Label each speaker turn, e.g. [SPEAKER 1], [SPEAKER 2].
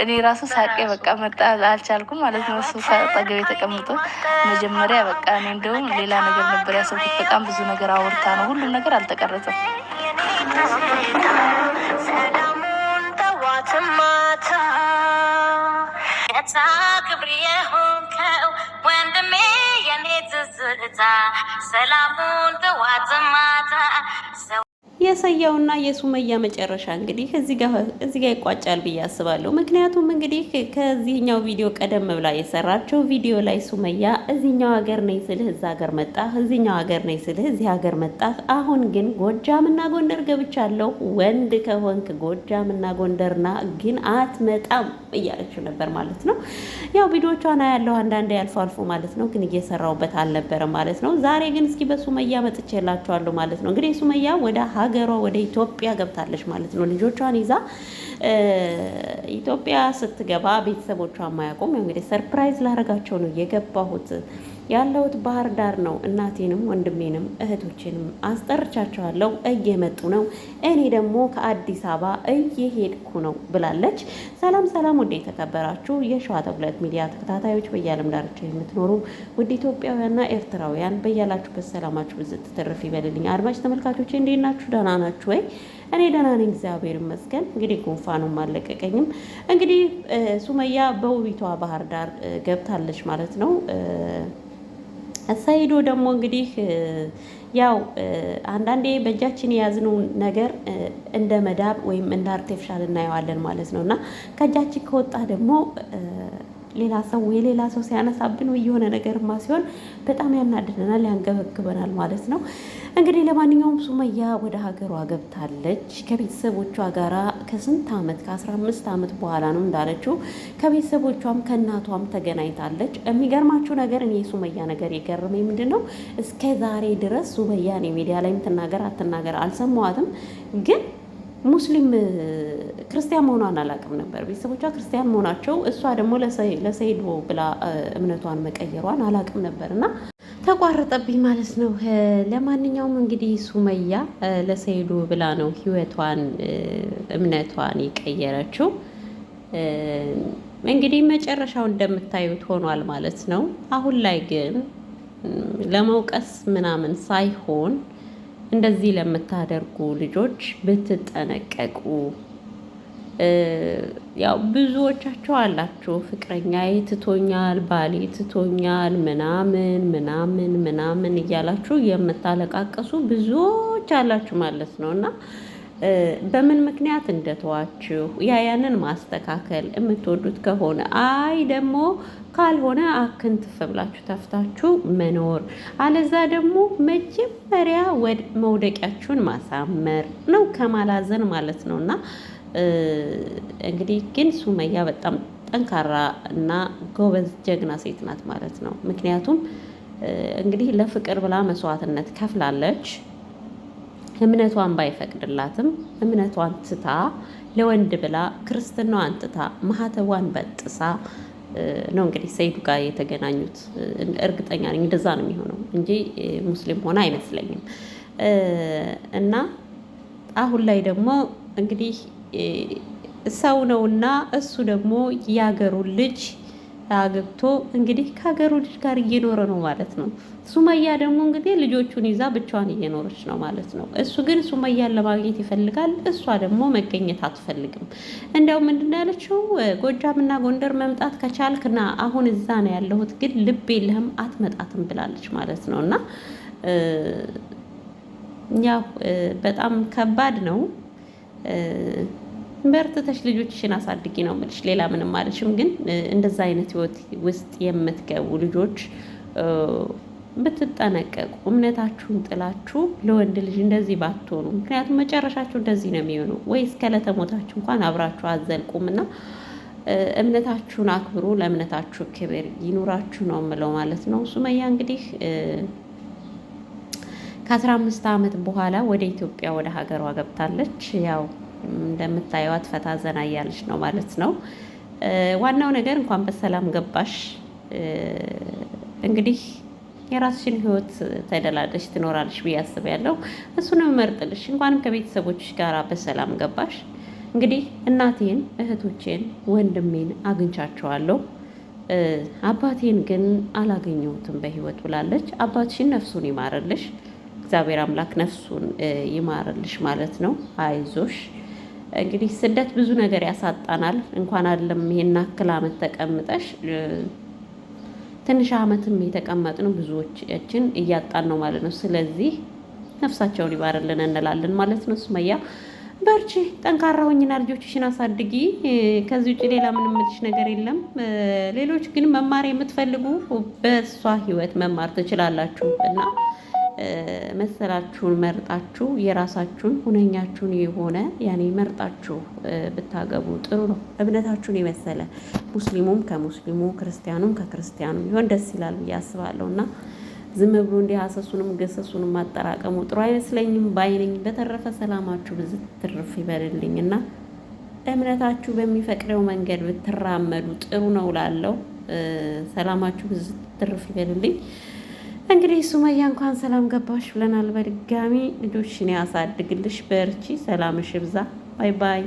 [SPEAKER 1] እኔ ራሱ ሳቄ በቃ መጣ አልቻልኩም ማለት ነው። እሱ አጠገቤ ተቀምጦ መጀመሪያ በቃ እኔ እንደውም ሌላ ነገር ነበር ያሰብኩት። በጣም ብዙ ነገር አውርታ ነው፣ ሁሉም ነገር አልተቀረጸም።
[SPEAKER 2] ሰላሙን የአህያውና የሱመያ መጨረሻ እንግዲህ እዚህ ጋር ይቋጫል ብዬ አስባለሁ። ምክንያቱም እንግዲህ ከዚህኛው ቪዲዮ ቀደም ብላ የሰራችው ቪዲዮ ላይ ሱመያ እዚህኛው ሀገር ነኝ ስልህ እዛ ሀገር መጣህ፣ እዚህኛው ሀገር ነኝ ስልህ እዚህ ሀገር መጣህ፣ አሁን ግን ጎጃምና ጎንደር ገብቻለሁ፣ ወንድ ከሆንክ ጎጃምና ጎንደርና ግን አትመጣም እያለችው ነበር ማለት ነው። ያው ቪዲዮቿን ያለው አንዳንድ ያልፎ አልፎ ማለት ነው፣ ግን እየሰራውበት አልነበረ ማለት ነው። ዛሬ ግን እስኪ በሱመያ መጥቼላችኋለሁ ማለት ነው። እንግዲህ ሱመያ ወደ ሀገሯ ወደ ኢትዮጵያ ገብታለች ማለት ነው። ልጆቿን ይዛ ኢትዮጵያ ስትገባ ቤተሰቦቿ ማያውቁም። እንግዲህ ሰርፕራይዝ ላረጋቸው ነው የገባሁት ያለሁት ባህር ዳር ነው። እናቴንም ወንድሜንም እህቶቼንም አስጠርቻቸዋለሁ እየመጡ ነው። እኔ ደግሞ ከአዲስ አበባ እየሄድኩ ነው ብላለች። ሰላም ሰላም! ውድ የተከበራችሁ የሸዋ ተጉለት ሚዲያ ተከታታዮች በየዓለም ዳርቻ የምትኖሩ ውድ ኢትዮጵያውያንና ኤርትራውያን በያላችሁበት ሰላማችሁ ብዝት ትርፍ ይበልልኝ። አድማጭ ተመልካቾች እንዴት ናችሁ? ደህና ናችሁ ወይ? እኔ ደህና ነኝ፣ እግዚአብሔር ይመስገን። እንግዲህ ጉንፋኑም አለቀቀኝም። እንግዲህ ሱመያ በውቢቷ ባህር ዳር ገብታለች ማለት ነው። ሰይዶ ደግሞ እንግዲህ ያው አንዳንዴ በእጃችን የያዝነው ነገር እንደ መዳብ ወይም እንደ አርቴፊሻል እናየዋለን ማለት ነው እና ከእጃችን ከወጣ ደግሞ ሌላ ሰው የሌላ ሰው ሲያነሳብን ወይ የሆነ ነገርማ ሲሆን በጣም ያናድደናል፣ ያንገበግበናል ማለት ነው። እንግዲህ ለማንኛውም ሱመያ ወደ ሀገሯ ገብታለች ከቤተሰቦቿ ጋራ ከስንት ዓመት ከ አምስት ዓመት በኋላ ነው እንዳለችው ከቤተሰቦቿም ከእናቷም ተገናኝታለች። የሚገርማችሁ ነገር እኔ የሱመያ ነገር የገረመኝ ምንድን ነው እስከ ዛሬ ድረስ ሱመያ እኔ ሚዲያ ላይ የምትናገር አትናገር አልሰማዋትም ግን ሙስሊም ክርስቲያን መሆኗን አላውቅም ነበር። ቤተሰቦቿ ክርስቲያን መሆናቸው እሷ ደግሞ ለሰይድ ብላ እምነቷን መቀየሯን አላውቅም ነበር እና ተቋረጠብኝ ማለት ነው። ለማንኛውም እንግዲህ ሱመያ ለሰይዱ ብላ ነው ህይወቷን እምነቷን የቀየረችው። እንግዲህ መጨረሻው እንደምታዩት ሆኗል ማለት ነው። አሁን ላይ ግን ለመውቀስ ምናምን ሳይሆን እንደዚህ ለምታደርጉ ልጆች ብትጠነቀቁ። ያው ብዙዎቻቸው አላችሁ ፍቅረኛዬ ትቶኛል፣ ባሌ ትቶኛል፣ ምናምን ምናምን ምናምን እያላችሁ የምታለቃቀሱ ብዙዎች አላችሁ ማለት ነው እና በምን ምክንያት እንደተዋችሁ ያ ያንን ማስተካከል የምትወዱት ከሆነ አይ ደግሞ ካልሆነ አክንትፍ ብላችሁ ተፍታችሁ መኖር፣ አለዛ ደግሞ መጀመሪያ መውደቂያችሁን ማሳመር ነው ከማላዘን ማለት ነው። እና እንግዲህ ግን ሱመያ በጣም ጠንካራ እና ጎበዝ ጀግና ሴት ናት ማለት ነው። ምክንያቱም እንግዲህ ለፍቅር ብላ መስዋዕትነት ከፍላለች። እምነቷን ባይፈቅድላትም እምነቷን ትታ ለወንድ ብላ ክርስትናዋን ትታ ማህተቧን በጥሳ ነው እንግዲህ ሰይዱ ጋር የተገናኙት። እርግጠኛ ነኝ እንደዛ ነው የሚሆነው እንጂ ሙስሊም ሆነ አይመስለኝም። እና አሁን ላይ ደግሞ እንግዲህ ሰው ነውና እሱ ደግሞ ያገሩ ልጅ አግብቶ እንግዲህ ከሀገሩ ልጅ ጋር እየኖረ ነው ማለት ነው። ሱመያ ደግሞ እንግዲህ ልጆቹን ይዛ ብቻዋን እየኖረች ነው ማለት ነው። እሱ ግን ሱመያን ለማግኘት ይፈልጋል፣ እሷ ደግሞ መገኘት አትፈልግም። እንዲያው ምንድን ያለችው ጎጃምና ጎንደር መምጣት ከቻልክና አሁን እዛ ነው ያለሁት፣ ግን ልብ የለህም አትመጣትም ብላለች ማለት ነው። እና ያው በጣም ከባድ ነው። በርትተሽ ልጆችሽን አሳድጊ ነው የምልሽ። ሌላ ምንም አልልሽም። ግን እንደዛ አይነት ህይወት ውስጥ የምትገቡ ልጆች ብትጠነቀቁ፣ እምነታችሁን ጥላችሁ ለወንድ ልጅ እንደዚህ ባትሆኑ። ምክንያቱም መጨረሻችሁ እንደዚህ ነው የሚሆኑ ወይ እስከ ለተሞታችሁ እንኳን አብራችሁ አዘልቁም እና እምነታችሁን አክብሩ። ለእምነታችሁ ክብር ይኑራችሁ ነው የምለው ማለት ነው። ሱመያ እንግዲህ ከአስራ አምስት ዓመት በኋላ ወደ ኢትዮጵያ ወደ ሀገሯ ገብታለች ያው እንደምታየዋት ፈታ ዘና እያለች ነው ማለት ነው። ዋናው ነገር እንኳን በሰላም ገባሽ። እንግዲህ የራስሽን ህይወት ተደላደሽ ትኖራለሽ ብዬ አስባለሁ። እሱንም መርጥልሽ። እንኳንም ከቤተሰቦችሽ ጋር በሰላም ገባሽ። እንግዲህ እናቴን፣ እህቶቼን፣ ወንድሜን አግኝቻቸዋለሁ። አባቴን ግን አላገኘሁትም በህይወት ብላለች። አባትሽን ነፍሱን ይማርልሽ፣ እግዚአብሔር አምላክ ነፍሱን ይማርልሽ ማለት ነው። አይዞሽ እንግዲህ ስደት ብዙ ነገር ያሳጣናል። እንኳን አይደለም ይሄን አክል አመት ተቀምጠሽ ትንሽ አመትም የተቀመጥነው ብዙዎችን እያጣን ነው ማለት ነው። ስለዚህ ነፍሳቸውን ይባርልን እንላለን ማለት ነው። ሱመያ በርቺ፣ ጠንካራ ሆኝና ልጆችሽን አሳድጊ። ከዚህ ውጭ ሌላ ምንም የምልሽ ነገር የለም። ሌሎች ግን መማር የምትፈልጉ በእሷ ህይወት መማር ትችላላችሁ እና መሰላችሁን መርጣችሁ የራሳችሁን ሁነኛችሁን የሆነ ያኔ መርጣችሁ ብታገቡ ጥሩ ነው። እምነታችሁን የመሰለ ሙስሊሙም ከሙስሊሙ ክርስቲያኑም ከክርስቲያኑ ቢሆን ደስ ይላል ብዬ አስባለሁ እና ዝም ብሎ እንዲህ ሀሰሱንም ገሰሱንም ማጠራቀሙ ጥሩ አይመስለኝም ባይነኝ። በተረፈ ሰላማችሁ ብዙ ትርፍ ይበልልኝ እና እምነታችሁ በሚፈቅደው መንገድ ብትራመዱ ጥሩ ነው ላለው ሰላማችሁ ብዙ ትርፍ ይበልልኝ። እንግዲህ ሱመያ እንኳን ሰላም ገባሽ ብለናል። በድጋሚ ልጆችን ያሳድግልሽ፣ በርቺ፣ ሰላምሽ ሽብዛ ባይ ባይ